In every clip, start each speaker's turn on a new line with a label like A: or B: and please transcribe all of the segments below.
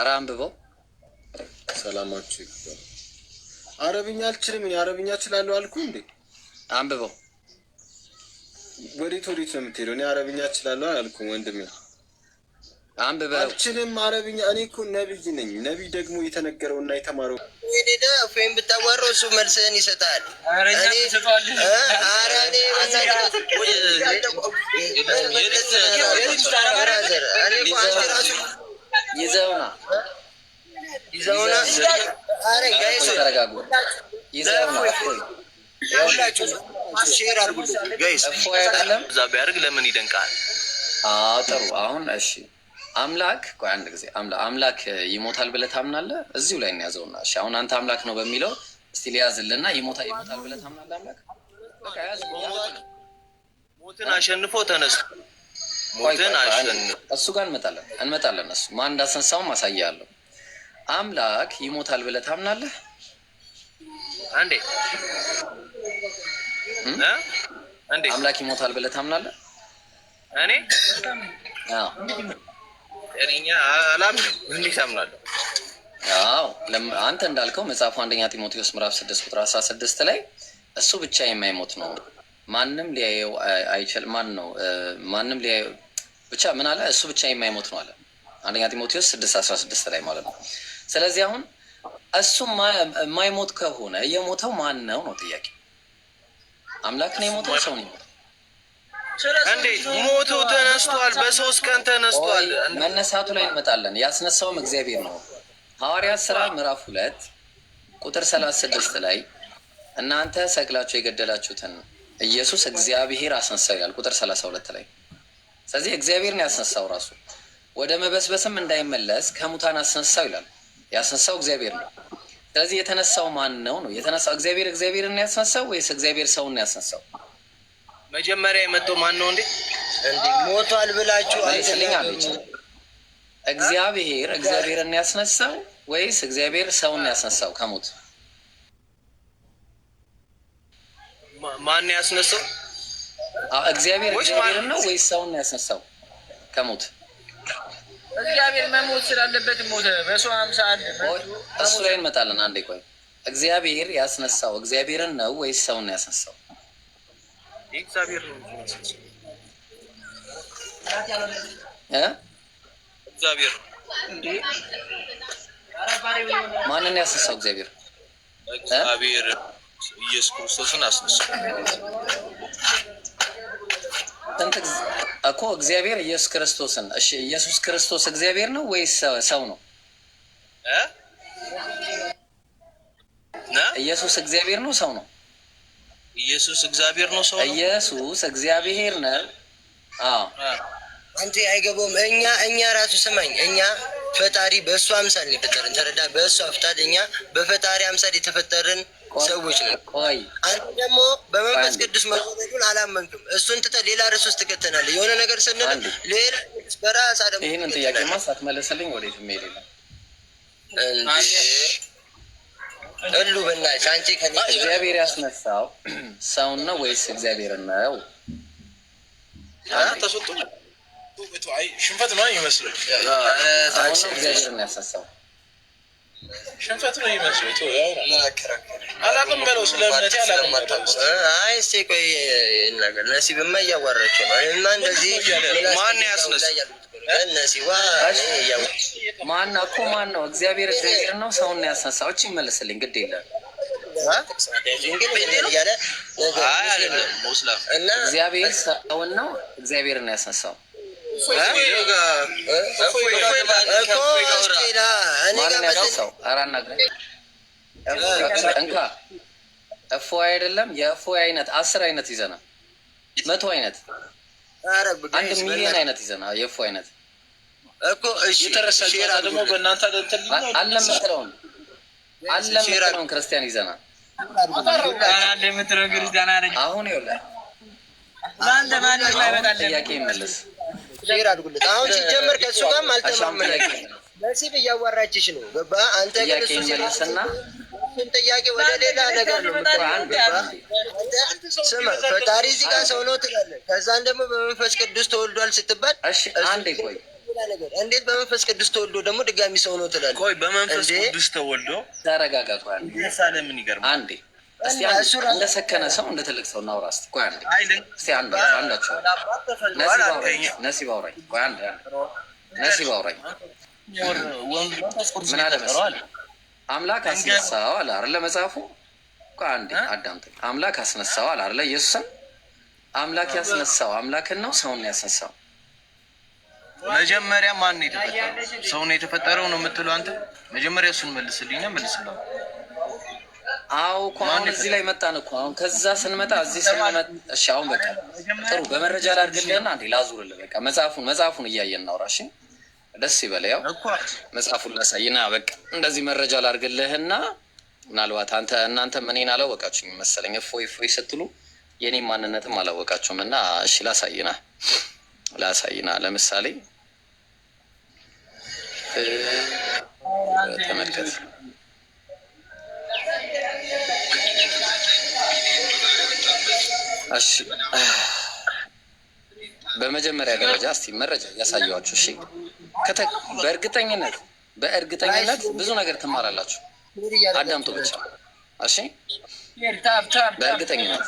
A: ኧረ አንብበው።
B: ሰላማችሁ አረብኛ አልችልም። እኔ አረብኛ እችላለሁ አልኩ እንዴ? አንብበው። ወዴት ወዴት ነው የምትሄደው? እኔ አረብኛ እችላለሁ አላልኩም ወንድሜ። አንብበው። አልችልም አረብኛ። እኔ እኮ ነቢይ ነኝ። ነቢይ ደግሞ የተነገረው እና የተማረው
C: ሄደህ ፌን ብታዋራው እሱ መልስህን ይሰጣል።
D: እኔ
A: ይዘውና ይዘውና
E: ለምን ይደንቃል?
A: አዎ ጥሩ። አሁን እሺ አምላክ ቆይ አንድ ጊዜ አምላክ ይሞታል ብለህ ታምናለህ? እዚሁ ላይ እንያዘውና እሺ፣ አሁን አንተ አምላክ ነው በሚለው እስቲ ሊያዝልና ይሞታል ይሞታል ብለህ ታምናለህ? አምላክ
E: ሞትን አሸንፎ ተነስቶ ሞትን አሸንፍ
A: እሱ ጋር እንመጣለን እንመጣለን። እሱ ማን እንዳስነሳውም ማሳያ አለው። አምላክ ይሞታል ብለህ ታምናለህ? አንዴ አንዴ አምላክ ይሞታል ብለህ ታምናለህ?
E: እኔ እኛ አላምንም። እንዴት አምናለሁ?
A: አዎ አንተ እንዳልከው መጽሐፉ አንደኛ ጢሞቴዎስ ምዕራፍ ስድስት ቁጥር አስራ ስድስት ላይ እሱ ብቻ የማይሞት ነው ማንም ሊያየው አይችል ማን ነው ማንም ሊያየው ብቻ ምን አለ እሱ ብቻ የማይሞት ነው አለ አንደኛ ጢሞቴዎስ ስድስት አስራ ስድስት ላይ ማለት ነው። ስለዚህ አሁን እሱ የማይሞት ከሆነ የሞተው ማን ነው ነው ጥያቄ። አምላክ ነው የሞተው ሰው ነው የሞተው?
E: ሞቶ ተነስቷል። በሶስት ቀን ተነስቷል።
A: መነሳቱ ላይ እንመጣለን። ያስነሳውም እግዚአብሔር ነው። ሐዋርያት ስራ ምዕራፍ ሁለት ቁጥር ሰላሳ ስድስት ላይ እናንተ ሰቅላችሁ የገደላችሁትን ኢየሱስ እግዚአብሔር አስነሳው ይላል። ቁጥር ሰላሳ ሁለት ላይ ስለዚህ እግዚአብሔርን ያስነሳው ራሱ ወደ መበስበስም እንዳይመለስ ከሙታን አስነሳው ይላል። ያስነሳው እግዚአብሔር ነው። ስለዚህ የተነሳው ማን ነው? ነው የተነሳው እግዚአብሔር እግዚአብሔርን ያስነሳው ወይስ እግዚአብሔር ሰውን ያስነሳው?
E: መጀመሪያ የመጣው ማን ነው?
B: እንዴ ሞቷል ብላችሁ
A: እግዚአብሔር እግዚአብሔርን ያስነሳው ወይስ እግዚአብሔር ሰውን ያስነሳው ከሞት
E: ማን ያስነሳው?
A: እግዚአብሔር እግዚአብሔርን ነው ወይስ ሰውን ያስነሳው ከሞት?
D: እግዚአብሔር መሞት ስላለበት ሞተ። በሰው አምሳል
A: እሱ ላይ እንመጣለን። አንዴ ቆይ፣ እግዚአብሔር ያስነሳው እግዚአብሔርን ነው ወይስ ሰውን ያስነሳው? እግዚአብሔር ነው። ማንን ያስነሳው? እግዚአብሔር
E: እግዚአብሔር ኢየሱስ ክርስቶስን አስነሳው።
A: ጥንት እኮ እግዚአብሔር ኢየሱስ ክርስቶስን። እሺ ኢየሱስ ክርስቶስ እግዚአብሔር ነው ወይስ ሰው ነው? ኢየሱስ እግዚአብሔር ነው ሰው ነው?
E: ኢየሱስ እግዚአብሔር ነው ሰው ነው?
A: ኢየሱስ እግዚአብሔር ነው። አዎ
C: አንተ አይገባውም። እኛ እኛ ራሱ ስማኝ፣ እኛ ፈጣሪ በእሱ አምሳል ነው የፈጠረን። ተረዳ። በእሱ አፍጣድ እኛ በፈጣሪ አምሳል የተፈጠረን ሰዎች ነን። አንተ ደግሞ በመንፈስ ቅዱስ መወለዱን አላመንክም። እሱን ትተህ ሌላ ርዕስ ውስጥ ትከተናለህ። የሆነ ነገር ስንል ሌላ በራሳ
A: ደግሞ ይህንን ጥያቄማ ሳትመለስልኝ ወዴት ሄድ እሉ በእናትሽ አንቺ እግዚአብሔር ያስነሳው ሰው ነው ወይስ እግዚአብሔር ነው?
E: ተሰጡ ሽንፈት ነው ይመስላል።
A: እግዚአብሔር ነው ያሳሳው
E: ሽንፈት ነው ይመስል አላቅም በለው ስለ እምነቴ አላቅም።
C: አይ ቆይ እያዋራቸው ነው እና እንደዚህ
E: ማን
A: ማን እኮ ማን ነው? እግዚአብሔር እግዚአብሔር ነው። ሰውን ይመለስልኝ ግድ የለም። እግዚአብሔር ሰውን ነው
E: እንኳ
A: እፎይ አይደለም የእፎይ አይነት አስር አይነት ይዘናል። መቶ አይነት አንድ ሚሊዮን አይነት ይዘናል። የእፎይ አይነት አለምትለውን አለምትለውን ክርስቲያን ይዘናል። አሁን ይኸውልህ ጥያቄ ይመለስ
C: ሼር አድርጉለት። አሁን ሲጀመር ከእሱ ጋርም አልተማመነ በሲብ እያዋራችሽ ነው ገባ። አንተ
A: ግን እሱ ሲመልስና
C: ጥያቄ ወደ ሌላ ነገር ነው። ስማ ፈጣሪ እዚህ ጋር ሰው ነው ትላለህ። ከዛን ደግሞ በመንፈስ ቅዱስ ተወልዷል ስትባል አንዴ ቆይ እንዴት በመንፈስ ቅዱስ ተወልዶ ደግሞ ድጋሚ ሰው ነው ትላለህ?
E: ቆይ በመንፈስ ቅዱስ ተወልዶ
A: ተረጋጋቷል።
E: ሳለምን ይገርማል።
A: አንዴ እንደሰከነ ሰው እንደ ትልቅ ሰው እናውራ። እስኪ ቆይ ነሲብ አውራኝ። ቆይ ነሲብ አውራኝ። ምን አለ መሰለህ አምላክ አስነሳው አለ አይደለ መጽሐፉ። ቆይ አዳምጠኝ። አምላክ አስነሳው አለ አይደለ ኢየሱስን። አምላክ ያስነሳው አምላክን ነው ሰውን ያስነሳው?
E: መጀመሪያ ማን ነው የተፈጠረው? ሰው ነው የተፈጠረው ነው የምትለው አንተ? መጀመሪያ እሱን መልስልኝና መልስልኝ
A: አዎ እኮ አሁን እዚህ ላይ መጣን እኮ አሁን ከዛ ስንመጣ እዚህ ስንመጣ፣ እሺ አሁን በቃ ጥሩ በመረጃ ላይ ላድርግልህና አንዴ ላዙርልህ። በቃ መጽሐፉን መጽሐፉን እያየን እናውራ። እሺ ደስ ይበለ። ያው መጽሐፉን ላሳይና በቃ እንደዚህ መረጃ ላድርግልህና ምናልባት አንተ እናንተም እኔን አላወቃችሁኝ መሰለኝ። እፎይ እፎይ ስትሉ የኔ ማንነትም አላወቃችሁም። እና እሺ ላሳይና ላሳይና ለምሳሌ ተመልከት እሺ በመጀመሪያ ደረጃ እስቲ መረጃ እያሳየኋችሁ። እሺ በእርግጠኝነት በእርግጠኝነት ብዙ ነገር ትማራላችሁ። አዳምጡ ብቻ እሺ። በእርግጠኝነት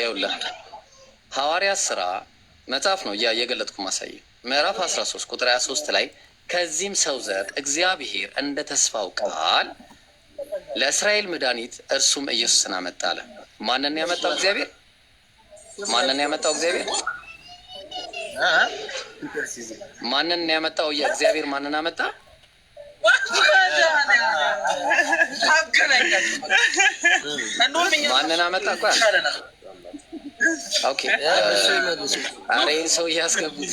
A: ይኸውልህ ሐዋርያት ስራ መጽሐፍ ነው እያ እየገለጥኩ ማሳየ ምዕራፍ 13 ቁጥር 23 ላይ ከዚህም ሰው ዘር እግዚአብሔር እንደ ተስፋው ቃል ለእስራኤል መድኃኒት እርሱም ኢየሱስን አመጣ አለ። ማንን ያመጣው እግዚአብሔር? ማንን ያመጣው እግዚአብሔር? ማንን ያመጣው እግዚአብሔር? ማንን አመጣ? ማንን አመጣ? እኳ ኦኬ፣ ኧረ ይሄን ሰው እያስገቡት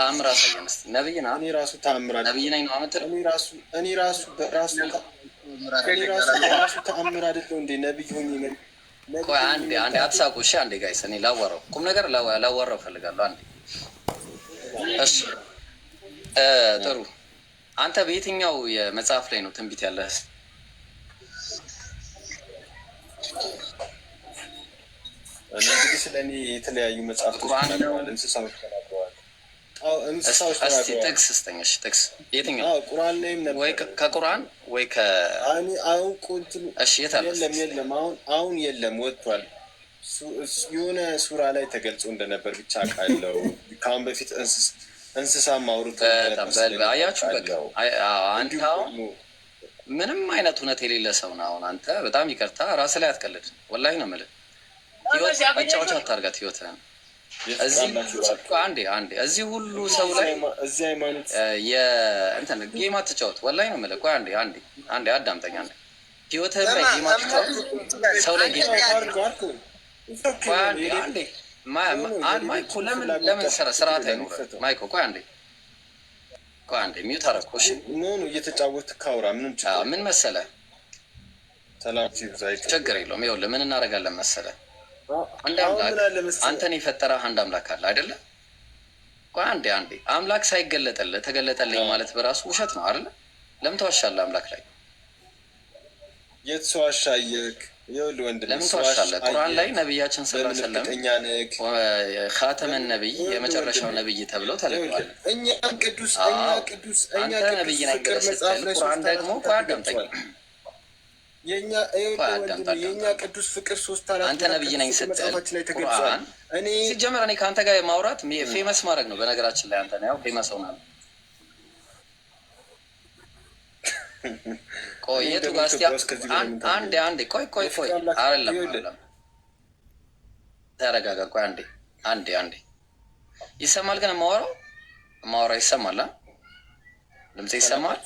A: ተአምር አሳየን እስኪ። ነብይ ና
B: እኔ ራሱ ተአምር
A: ነብይ ነኝ ነው አመት
B: እኔ ራሱ እኔ ራሱ ራሱ እኔ ራሱ ራሱ ተአምር አይደለሁ እንዴ ነብይ ሆኝ ነኝ።
A: ቆይ አንዴ አንዴ አትሳቁ እሺ። አንዴ ጋይስ እኔ ላወራው ቁም ነገር ላወራው ፈልጋለሁ አንዴ እሺ፣ ጥሩ አንተ በየትኛው የመጽሐፍ ላይ ነው ትንቢት ያለህ?
B: እንግዲህ ስለ እኔ የተለያዩ መጽሐፍቶች እንስሳዎች
A: እስቲ ጥቅስ ስጠኝ። እሺ ጥቅስ የትኛው? ቁርአን ላይም ነበር ወይ ከቁርአን ወይ ከ
B: አሁን ቁንትሉ እሺ፣ የለም የለም፣ አሁን አሁን የለም፣ ወጥቷል። የሆነ ሱራ ላይ ተገልጾ እንደነበር ብቻ ቃለው ከአሁን በፊት እንስሳ ማውሩት
A: አያችሁ። በቃ አንተ አሁን ምንም አይነት እውነት የሌለ ሰው ነው። አሁን አንተ በጣም ይቅርታ፣ ራስ ላይ አትቀልድ። ወላሂ ነው የምልህ። ህይወት መጫወቻ አታርጋት ህይወትህን እዚህ ሁሉ ሰው ላይ እንትን ጌማ ትጫወት፣ ወላሂ ነው የምልህ። ቆይ አንዴ አንዴ አንዴ አዳምጠኝ። አንዴ ላይ ጌማ ትጫወት፣ ሰው ላይ ማይኮ፣ ለምን ለምን ስርዓት ማይኮ? ቆይ አንዴ ቆይ አንዴ አደረኩ። እሺ
B: እየተጫወት ካውራ ምንም
A: ምን መሰለህ፣ ችግር የለውም። ይኸውልህ ምን እናደርጋለን መሰለህ አንተን የፈጠረ አንድ አምላክ አለ አይደለ? አንዴ አንዴ አምላክ ሳይገለጠልህ ተገለጠልኝ ማለት በራሱ ውሸት ነው አይደለ? ለምን ተዋሻለህ? አምላክ ላይ
B: የተዋሻየክ
A: ለምን ተዋሻለህ? ቁርአን ላይ ነቢያችን ስላ ካተመን ነቢይ የመጨረሻው ነቢይ ተብለው ተለግሏል። አንተ ነቢይ ነህ ስትል ቁርአን ደግሞ ቆይ አዳምጠኝ
B: የእኛ ቅዱስ ፍቅር ሶስት
A: አንተ ነብይ ነኝ ስትል ሲጀመር እኔ ከአንተ ጋር የማውራት ፌመስ ማድረግ ነው። በነገራችን ላይ አንተ ያው ፌመስ ሆናል። ቆየቱ ጋር እስኪ አንዴ አንዴ ቆይ ቆይ ቆይ አይደለም፣ ተረጋጋ። ቆይ አንዴ አንዴ አንዴ ይሰማል። ግን የማወራው የማወራው ይሰማል። ድምፅ ይሰማል።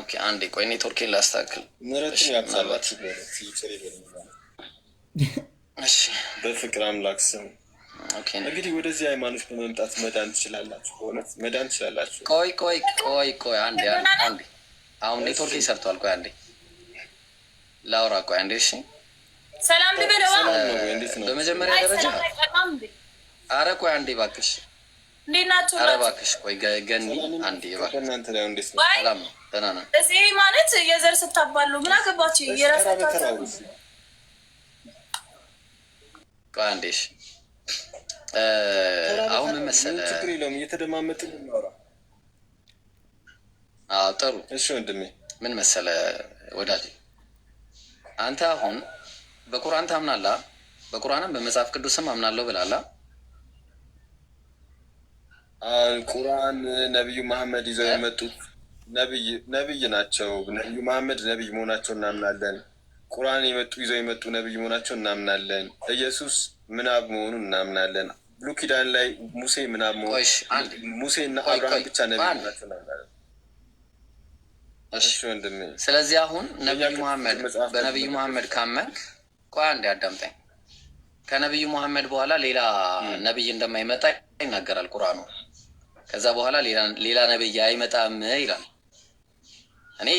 A: ኦኬ፣ አንዴ ቆይ ኔትወርኬን ላስተካክል።
B: ምረት ያብዛላት። በፍቅር አምላክ ስም እንግዲህ ወደዚህ ሃይማኖት በመምጣት መዳን ትችላላችሁ። በእውነት መዳን ትችላላችሁ።
A: ቆይ ቆይ ቆይ ቆይ አንዴ አንዴ፣ አሁን ኔትወርክ ይሰርቷል። ቆይ አንዴ ላውራ። ቆይ አንዴ። እሺ፣
D: ሰላም ልበለዋ።
A: በመጀመሪያ ደረጃ አረ ቆይ አንዴ እባክሽ እባክሽ ቆይ ገኒ አንዴ
D: እዚህ ማለት የዘር ስታባሉ ምን አገባችሁ? የራሳቸው
A: አንዴሽ አሁን መሰለ
B: ችግር የለውም። እየተደማመጥን እናውራ። ጥሩ። እሺ ወንድሜ
A: ምን መሰለ ወዳጅ፣ አንተ አሁን በቁርአን ታምናላ፣ በቁርአንም በመጽሐፍ ቅዱስም አምናለሁ ብላላ
B: አልቁርአን ነቢዩ መሐመድ ይዘው የመጡት ነቢይ ናቸው። ነቢዩ መሐመድ ነቢይ መሆናቸው እናምናለን። ቁርአን የመጡ ይዘው የመጡ ነቢይ መሆናቸው እናምናለን። ኢየሱስ ምናብ መሆኑ እናምናለን። ብሉይ ኪዳን ላይ ሙሴ ምናብ መሆኑ ሙሴ እና አብርሃም ብቻ ነቢይ መሆናቸው እናምናለን።
A: ስለዚህ አሁን ነቢዩ መሐመድ በነቢዩ መሐመድ ካመንክ፣ ቆይ አንዴ አዳምጠኝ። ከነቢዩ መሐመድ በኋላ ሌላ ነቢይ እንደማይመጣ ይናገራል ቁርአኑ። ከዛ በኋላ ሌላ ነብይ አይመጣም ይላል። እኔ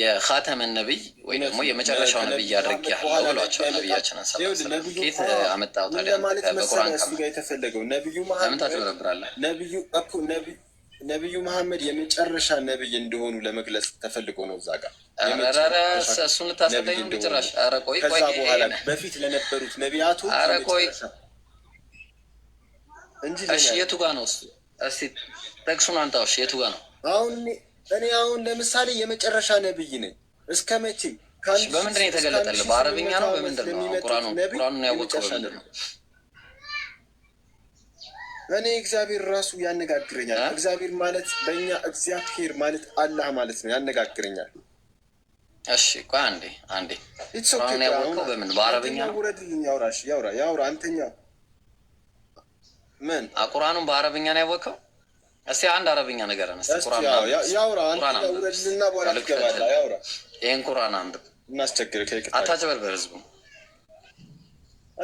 A: የኻተመን ነብይ ወይ ደግሞ የመጨረሻው ነብይ አድርግ ያለው ብሏቸው ነብያችን
B: ሰላኬት አመጣው። ታዲያ በቁርአን ነቢዩ መሐመድ የመጨረሻ ነብይ እንደሆኑ ለመግለጽ ተፈልጎ ነው። እዛ ጋር
A: እሱን ልታስረዳኝ ጭራሽ። ኧረ ቆይ
B: ቆይ፣ በፊት ለነበሩት ነቢያቱ
A: ቆይ እንጂ እሺ፣ የቱ ጋ ነው? እስቲ ጠቅሱን አንጣው። እሺ፣ የቱ ጋ ነው?
B: አሁን እኔ አሁን ለምሳሌ የመጨረሻ ነብይ ነኝ። እስከ መቼ?
A: በምንድን ነው የተገለጠልህ? በአረብኛ ነው? በምንድን ነው? ቁርአኑን ያወቀው በምንድን ነው?
B: እኔ እግዚአብሔር ራሱ ያነጋግረኛል። እግዚአብሔር ማለት በእኛ እግዚአብሔር ማለት አላህ ማለት ነው። ያነጋግረኛል።
A: እሺ ቆይ አንዴ አንዴ፣ ቁርአኑን ያወቀው በምን? በአረብኛ
B: ነው። ውረድልኝ፣ ያውራ ያውራ ያውራ አንተኛ
A: ምን ቁርአኑን በአረብኛ ነው ያወቀው? እስቲ አንድ አረብኛ ነገር ነስ ይህን ቁርአን አንብብ። እናስቸግር አታጭበርበር ህዝቡ።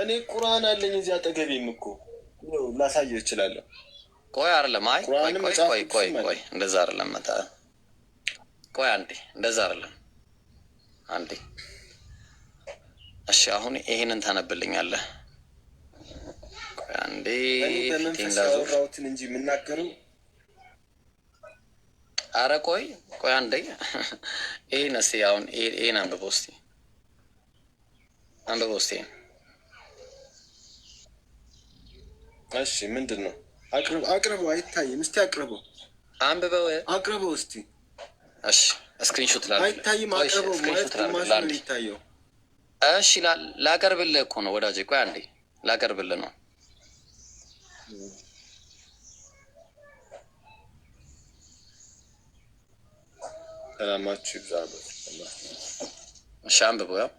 B: እኔ ቁርአን አለኝ እዚህ አጠገቤም እኮ ላሳየ እችላለሁ።
A: ቆይ አይደለም፣ አይ ቆይ ቆይ ቆይ፣ እንደዛ አይደለም። መጣ ቆይ አንዴ፣ እንደዛ አይደለም አንዴ። እሺ አሁን ይሄንን ታነብልኛለህ አንዴ
B: ፊቴን ላዞር እንጂ
A: አረ ቆይ ቆይ አንዴ ይሄን እስኪ አሁን ይሄን አንብበው እስኪ አንብበው እስኪ
B: እሺ ምንድን ነው አቅርብ አቅርበው አይታይም እስኪ አቅርበው አንብበው አቅርበው እስኪ
A: እሺ ስክሪንሾት ላለ
B: አይታይም አቅርበው ማለት ግማሽ ነው
A: እሺ ላቀርብልህ እኮ ነው ወዳጄ ቆይ አንዴ ላቀርብልህ ነው
B: ሰላማችሁ ይብዛ።
A: እሺ አንብበው ያው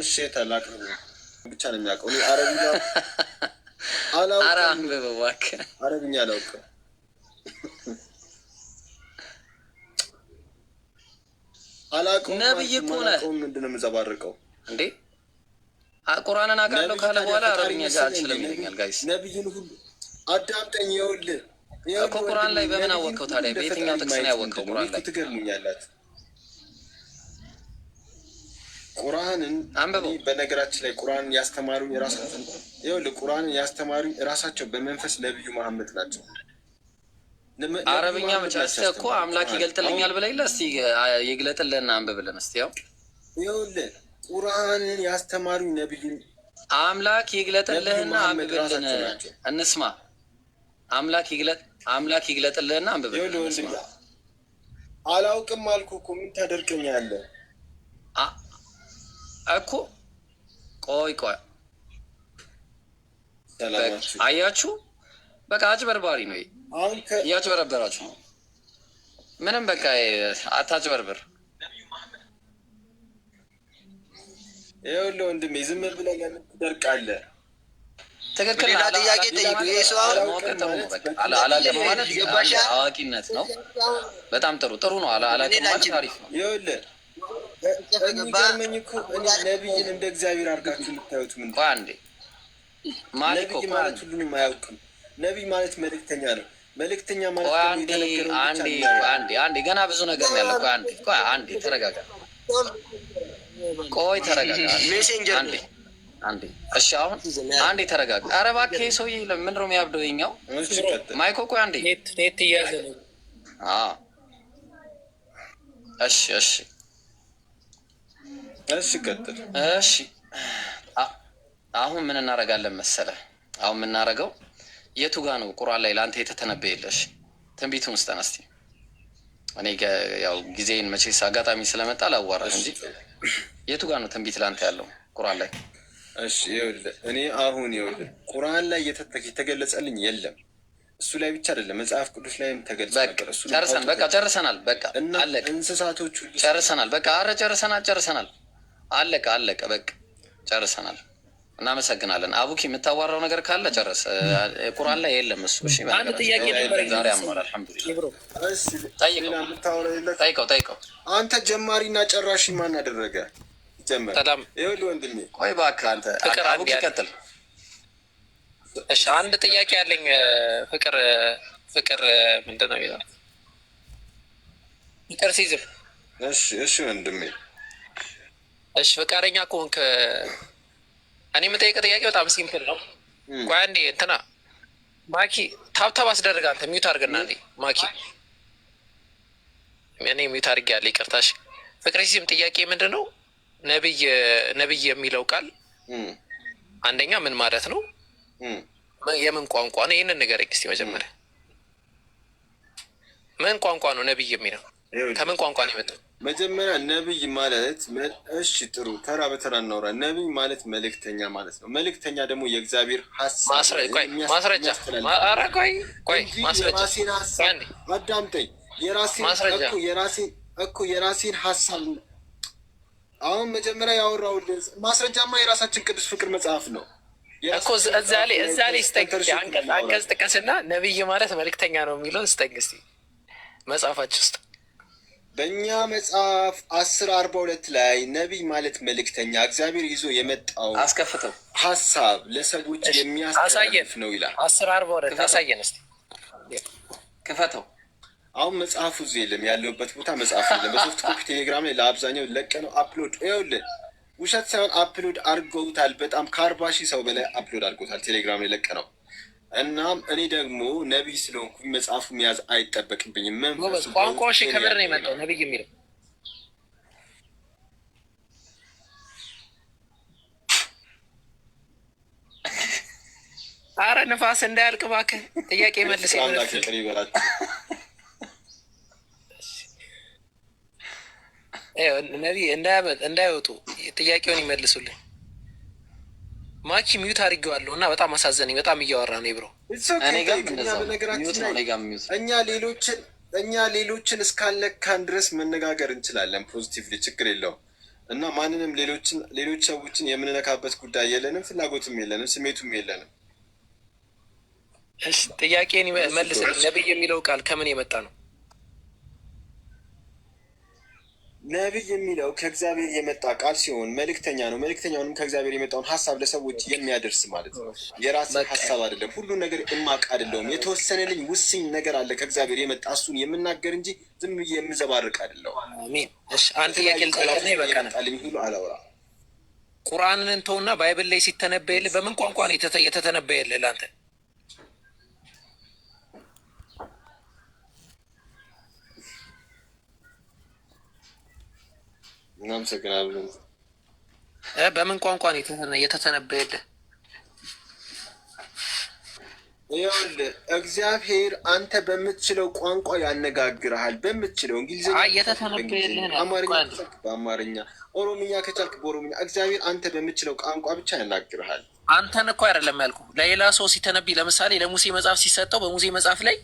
B: እሺ ታላቅ ብቻ ነው የሚያውቀው። አረብኛ
A: አላውቅም፣
B: አረብኛ አላውቅም። አላውቅም
A: ነብይ እኮ ነህ።
B: ምንድን ነው የምንጸባርቀው
A: እንዴ? ቁርአንን አውቃለሁ ካለ በኋላ አረብኛ አልችልም ይለኛል። ጋይስ
B: ነብዩን ሁሉ አዳምጠኝ። ይኸውልህ
A: እኮ ቁርአን ላይ በምን አወቅከው ታዲያ? በየትኛው ጥቅስ ነው ያወቅከው? ቁርአን ላይ ትገርምኛላት።
B: ቁርአንን አንብበው። በነገራችን ላይ ቁርአን ያስተማሩ የራሳቸው ይኸውልህ፣ ቁርአንን ያስተማሩ የራሳቸው በመንፈስ ነቢዩ መሐመድ ናቸው።
A: አረብኛ መቻስ እኮ አምላክ ይገልጥልኛል ብለህ የለ እስኪ ይግለጥልህና አንብብልን እስኪ ያው
B: ይኸውልህ ቁርአን ያስተማሩ ነቢዩ
A: አምላክ ይግለጥልህና አንብብልን እንስማ። አምላክ ይግለጥ አምላክ ይግለጥልህና አንብብልን እንስማ።
B: አላውቅም አልኩ እኮ ምን ታደርገኛለህ
A: እኮ። ቆይ ቆይ አያችሁ፣ በቃ አጭበርባሪ ነው። አጭበረበራችሁ ነው። ምንም በቃ አታጭበርብር።
B: ይኸውልህ ወንድሜ ዝም ብለህ ለምን ትደርቃለህ?
A: ትክክል ሌላ ጥያቄ ጠይቁ። ይህ ሰው ማለት አዋቂነት ነው። በጣም ጥሩ ጥሩ ነው። አላለሙ ማለት አሪፍ
B: ነው። ይኸውልህ እንደ እግዚአብሔር ማለት ሁሉንም አያውቅም። ነቢይ ማለት
A: ነው። አንዴ አንዴ ገና ብዙ ነገር ነው አንዴ አንዴ ተረጋጋ ቆይ ተረጋጋ። አንዴ እሺ፣ አሁን አንዴ ተረጋጋ። ኧረ እባክህ ሰውዬ ምንድን ነው የሚያብደው? የኛው ማይኮ ቆይ አንዴ
D: ኔት እያዘ ነው።
A: እሺ፣ እሺ፣ እሺ፣ ቀጥል። እሺ፣ አሁን ምን እናደርጋለን መሰለህ? አሁን የምናደርገው የቱ ጋ ነው ቁርአን ላይ ለአንተ የተተነበየለሽ ትንቢቱን ውስጥ ነስቲ እኔ ያው ጊዜን መቼስ አጋጣሚ ስለመጣ ላዋራ እንጂ የቱ ጋር ነው ትንቢት ላንተ ያለው ቁርአን ላይ?
B: እሺ ይኸውልህ እኔ አሁን ይኸውልህ ቁርአን ላይ የተገለጸልኝ የለም። እሱ ላይ ብቻ አይደለም መጽሐፍ ቅዱስ ላይም ተገልጿል።
A: ጨርሰን በቃ ጨርሰናል። በቃ አለቀ። እንስሳቶቹ ጨርሰናል። በቃ አረ ጨርሰናል፣ ጨርሰናል። አለቀ፣ አለቀ። በቃ ጨርሰናል። እናመሰግናለን። አቡኪ የምታዋራው ነገር ካለ ጨረስ። ቁርአን ላይ የለም እሱ። አንድ ጥያቄ ጠይቀው ጠይቀው።
B: አንተ ጀማሪና ጨራሽ ማን አደረገ?
A: ቆይ እባክህ ቀጥል። እሺ አንድ ጥያቄ ያለኝ ፍቅር ፍቅር ምንድን ነው ይላል ፍቅር ሲዝም።
B: እሺ እሺ ወንድሜ
A: እሺ፣ ፈቃደኛ ከሆንክ እኔ የምጠይቀ ጥያቄ በጣም ሲምፕል ነው። ቆይ አንዴ እንትና ማኪ ታብታብ አስደርግ አንተ ሚዩት አድርግና እንዴ ማኪ እኔ ሚዩት አድርግ ያለ ይቅርታሽ። ፍቅሪ ሲም ጥያቄ ምንድን ነው? ነብይ ነብይ የሚለው ቃል አንደኛ ምን ማለት ነው? የምን ቋንቋ ነው? ይህንን ነገር እስኪ መጀመሪያ ምን ቋንቋ ነው ነብይ የሚለው? ከምን ቋንቋ ነው የመጣው?
B: መጀመሪያ ነብይ ማለት እሺ፣ ጥሩ ተራ በተራ እናውራ። ነብይ ማለት መልእክተኛ ማለት ነው። መልእክተኛ ደግሞ የእግዚአብሔር
A: ማስረጃ
B: አዳምጠኝ። የራሴን ሀሳብ አሁን መጀመሪያ ያወራው ማስረጃማ የራሳችን ቅዱስ ፍቅር መጽሐፍ ነው
A: እኮ እዛ ላይ እዛ ላይ አንቀጽ ጥቀስና ነብይ ማለት መልእክተኛ ነው የሚለው ስጠኝ እስኪ ውስጥ
B: በእኛ መጽሐፍ አስር አርባ ሁለት ላይ ነቢይ ማለት መልእክተኛ እግዚአብሔር ይዞ የመጣው አስከፍተው ሀሳብ ለሰዎች
A: የሚያስተላልፍ ነው ይላል። አስር አርባ ሁለት አሳየን እስኪ ክፈተው።
B: አሁን መጽሐፉ እዚህ የለም ያለሁበት ቦታ መጽሐፍ የለም። በሶፍት ኮፒ ቴሌግራም ላይ ለአብዛኛው ለቀ ነው አፕሎድ ይኸውልህ፣ ውሸት ሳይሆን አፕሎድ አድርገውታል። በጣም ከአርባ ሺህ ሰው በላይ አፕሎድ አድርጎታል። ቴሌግራም ላይ ለቀ ነው እናም እኔ ደግሞ ነቢይ ስለሆንኩ መጽሐፉ መያዝ አይጠበቅብኝም።
A: መንፈስ ቋንቋው እሺ፣ ከምር ነው የመጣው ነቢይ የሚለው አረ ንፋስ እንዳያልቅ እባክህ፣ ጥያቄ መልስ ነቢይ እንዳይወጡ ጥያቄውን ይመልሱልን። ማኪ ሚዩት አድርጌዋለሁ እና በጣም አሳዘነኝ። በጣም እያወራ ነው ብሮ።
B: እኛ ሌሎችን እኛ ሌሎችን እስካልነካን ድረስ መነጋገር እንችላለን። ፖዚቲቭሊ ችግር የለውም እና ማንንም ሌሎችን ሌሎች ሰዎችን የምንነካበት ጉዳይ የለንም፣ ፍላጎትም የለንም፣ ስሜቱም የለንም።
A: ጥያቄን መልስ ነብይ የሚለው ቃል ከምን የመጣ ነው?
B: ነቢይ የሚለው ከእግዚአብሔር የመጣ ቃል ሲሆን መልእክተኛ ነው። መልእክተኛውንም ከእግዚአብሔር የመጣውን ሀሳብ ለሰዎች የሚያደርስ ማለት ነው። የራስ ሀሳብ አይደለም። ሁሉን ነገር እማቅ አይደለውም። የተወሰነልኝ ውስኝ ነገር አለ ከእግዚአብሔር የመጣ እሱን የምናገር እንጂ ዝም ብዬ የምዘባርቅ
A: አንድ ይመጣልኝ ሁሉ አላውራ ቁርአንን እንተውና ባይብል ላይ ሲተነበየልህ በምን ቋንቋ ነው የተተነበየልህ ለአንተ?
B: እናመሰግናለን።
A: በምን ቋንቋ ነው የተተነበየልህ?
B: ይኸውልህ እግዚአብሔር አንተ በምትችለው ቋንቋ ያነጋግርሃል። በምትችለው እንግሊዝኛ፣ በአማርኛ፣ ኦሮምኛ ከቻልክ በኦሮምኛ። እግዚአብሔር አንተ በምትችለው ቋንቋ ብቻ ያናግርሃል።
A: አንተን እኮ አይደለም ያልኩ ለሌላ ሰው ሲተነብይ፣ ለምሳሌ ለሙሴ መጽሐፍ ሲሰጠው በሙሴ መጽሐፍ ላይ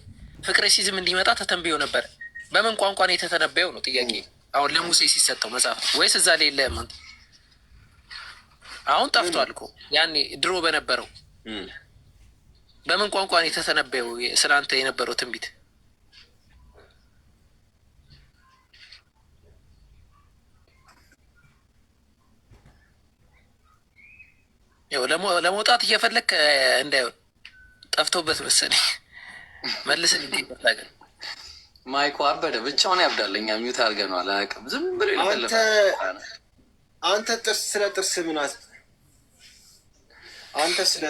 A: ፍቅረ ሲዝም እንዲመጣ ተተንብዮ ነበር። በምን ቋንቋ ነው የተተነበየው ነው ጥያቄ። አሁን ለሙሴ ሲሰጠው መጽሐፍ ወይስ እዛ ላይ የለም? አሁን ጠፍቷል እኮ ያኔ ድሮ በነበረው በምን ቋንቋ ነው የተተነበየው? ስለ አንተ የነበረው ትንቢት ለመውጣት እየፈለግ እንዳይሆን ጠፍቶበት መሰለኝ መልስ ማይኮ አበደ ብቻውን ያብዳል። እኛ ሚውት ነው አያውቅም። ዝም ብሎ
B: አንተ ጥርስ ስለ ጥርስ ምን አንተ ስለ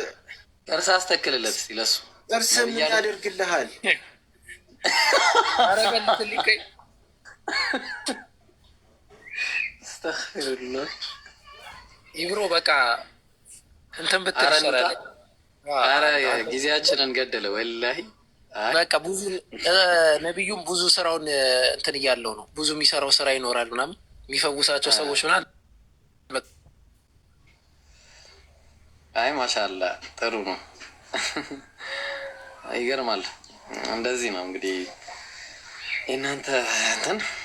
A: ጥርስ አስተክልለት እስኪ ለሱ
B: ጥርስ ምን ያደርግልሃል?
A: ይብሮ በቃ እንትን ብትል ጊዜያችንን ገደለ ወላሂ በቃ ብዙ ነቢዩም ብዙ ስራውን እንትን እያለው ነው። ብዙ የሚሰራው ስራ ይኖራል ምናምን የሚፈውሳቸው ሰዎች ምናምን። አይ ማሻላ ጥሩ ነው፣ ይገርማል። እንደዚህ ነው እንግዲህ የእናንተ እንትን